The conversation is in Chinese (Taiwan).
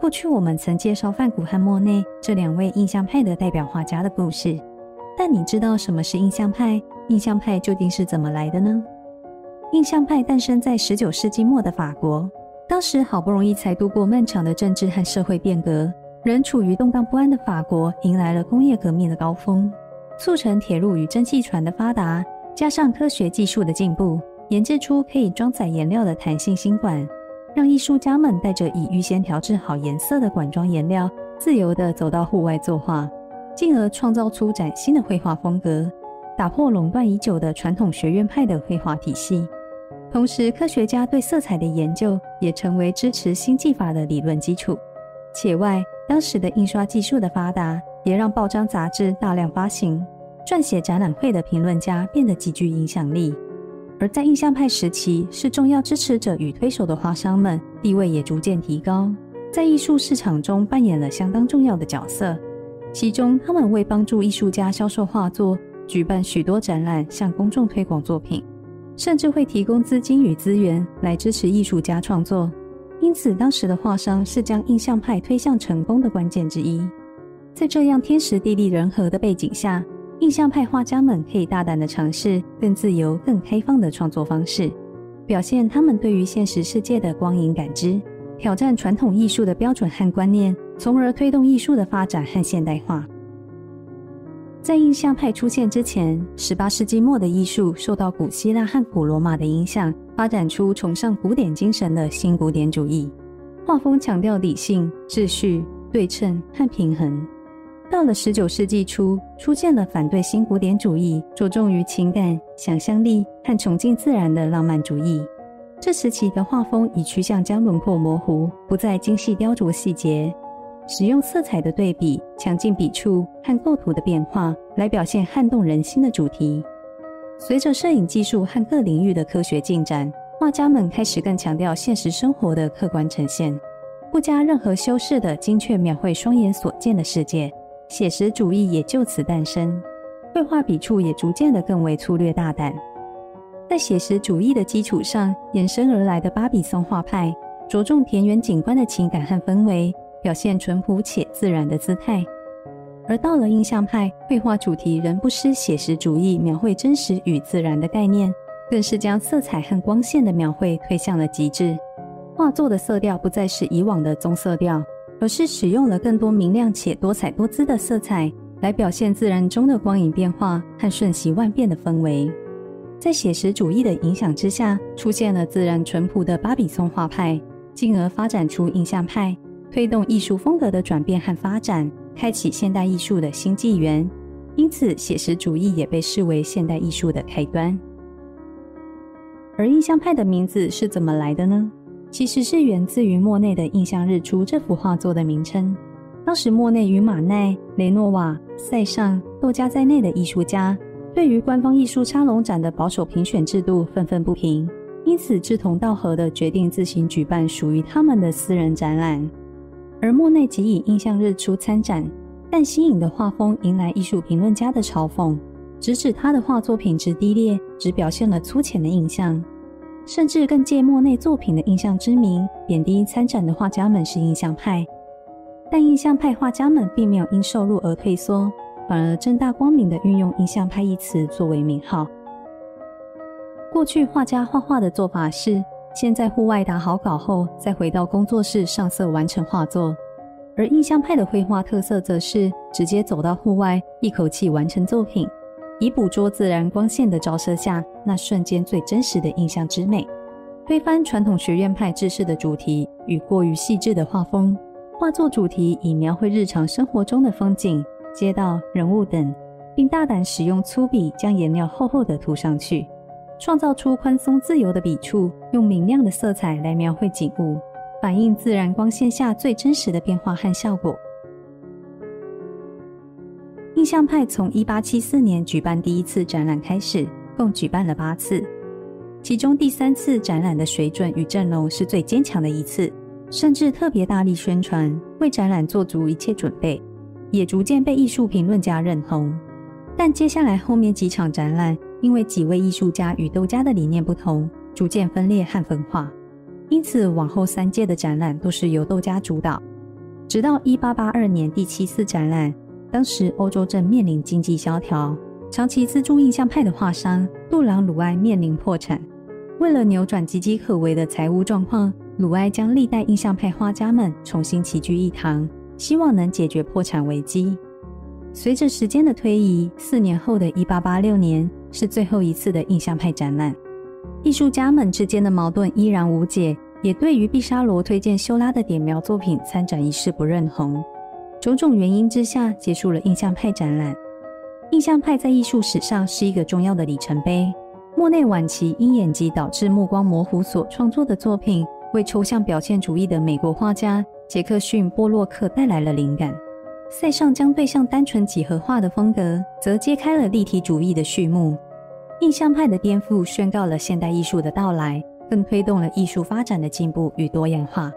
過去我們曾介紹梵谷和莫內這兩位印象派的代表畫家的故事，但你知道什麼是印象派？印象派究竟是怎麼來的呢？印象派誕生在19世紀末的法國，當時好不容易才度過漫長的政治和社會變革，仍處於動盪不安的法國迎來了工業革命的高峰，促成鐵路與蒸汽船的發達，加上科學技術的進步，研制出可以裝載顏料的彈性錫管。讓藝術家們帶着已預先調製好顏色的管裝顏料，自由地走到戶外作畫，進而創造出嶄新的繪畫風格，打破壟斷已久的傳統學院派的繪畫體系。同時，科學家對色彩的研究也成為支持新技法的理論基礎。此外，當時的印刷技術的發達，也讓報章雜誌大量發行，撰寫展覽會的評論家變得極具影響力。而在印象派時期，是重要支持者與推手的畫商們地位也逐漸提高，在藝術市場中扮演了相當重要的角色。其中，他們為幫助藝術家銷售畫作，舉辦許多展覽，向公眾推廣作品，甚至會提供資金與資源來支持藝術家創作。因此，當時的畫商是將印象派推向成功的關鍵之一。在這樣天時地利人和的背景下，印象派畫家們可以大膽地嘗試更自由、更開放的創作方式，表現他們對於現實世界的光影感知，挑戰傳統藝術的標準和觀念，從而推動藝術的發展和現代化。在印象派出現之前，18世紀末的藝術受到古希臘和古羅馬的影響，發展出崇尚古典精神的新古典主義畫風，強調理性、秩序、對稱和平衡。到了十九世紀初，出現了反對新古典主義、着重於情感、想象力和崇敬自然的浪漫主義。這時期的畫風已趨向將輪廓模糊，不再精細雕琢細節，使用色彩的對比、強勁筆觸和構圖的變化來表現撼動人心的主題。隨着攝影技術和各領域的科學進展，畫家們開始更強調現實生活的客觀呈現，不加任何修飾的精確描繪雙眼所見的世界。寫實主義也就此誕生，繪畫筆觸也逐漸的更為粗略大膽。在寫實主義的基礎上衍生而來的巴比松畫派，着重田園景觀的情感和氛圍，表現淳樸且自然的姿態。而到了印象派，繪畫主題仍不失寫實主義描繪真實與自然的概念，更是將色彩和光線的描繪推向了極致。畫作的色調不再是以往的棕色調。而是使用了更多明亮且多彩多姿的色彩來表現自然中的光影變化和瞬息萬變的氛圍。在寫實主義的影響之下，出現了自然淳樸的巴比松畫派，進而發展出印象派，推動藝術風格的轉變和發展，開啟現代藝術的新紀元。因此，寫實主義也被視為現代藝術的開端。而印象派的名字是怎麼來的呢？其實是源自於莫內的《印象·日出》這幅畫作的名稱。當時，莫內與馬奈、雷諾瓦、塞尚、竇加在內的藝術家對於官方藝術沙龍展的保守評選制度憤憤不平，因此志同道合地決定自行舉辦屬於他們的私人展覽。而莫內即以《印象·日出》參展，但新穎的畫風迎來藝術評論家的嘲諷，直指他的畫作品質低劣，只表現了粗淺的印象。甚至更借莫內作品的印象之名，貶低參展的畫家們是印象派。但印象派畫家們並沒有因受辱而退縮，反而正大光明地運用“印象派”一詞作為名號。過去畫家畫畫的做法是，先在戶外打好稿後，後再回到工作室上色完成畫作；而印象派的繪畫特色則是直接走到戶外，一口氣完成作品。以捕捉自然光線的照射下那瞬間最真實的印象之美，推翻傳統學院派制式的主題與過於細緻的畫風，畫作主題以描繪日常生活中的風景、街道、人物等，並大膽使用粗筆將顏料厚厚的塗上去，創造出寬鬆自由的筆觸，用明亮的色彩來描繪景物，反映自然光線下最真實的變化和效果。印象派從一八七四年舉辦第一次展覽開始，共舉辦了八次，其中第三次展覽的水準與陣容是最堅強的一次，甚至特別大力宣傳，為展覽做足一切準備，也逐漸被藝術評論家認同。但接下來後面幾場展覽，因為幾位藝術家與竇加的理念不同，逐漸分裂和分化，因此往後三屆的展覽都是由竇加主導，直到一八八二年第七次展覽。當時歐洲正面臨經濟蕭條，長期資助印象派的畫商杜朗魯埃面臨破產。為了扭轉岌岌可危的財務狀況，魯埃將歷代印象派畫家們重新齊聚一堂，希望能解決破產危機。隨着時間的推移，四年後的一八八六年是最後一次的印象派展覽，藝術家們之間的矛盾依然無解，也對於畢沙羅推薦修拉的點描作品參展一事不認同。種種原因之下，結束了印象派展覽。印象派在藝術史上是一個重要的里程碑。莫內晚期因眼疾導致目光模糊所創作的作品，為抽象表現主義的美國畫家傑克遜·波洛克帶來了靈感。塞尚將對象單純幾何化的風格，則揭開了立體主義的序幕。印象派的顛覆宣告了現代藝術的到來，更推動了藝術發展的進步與多樣化。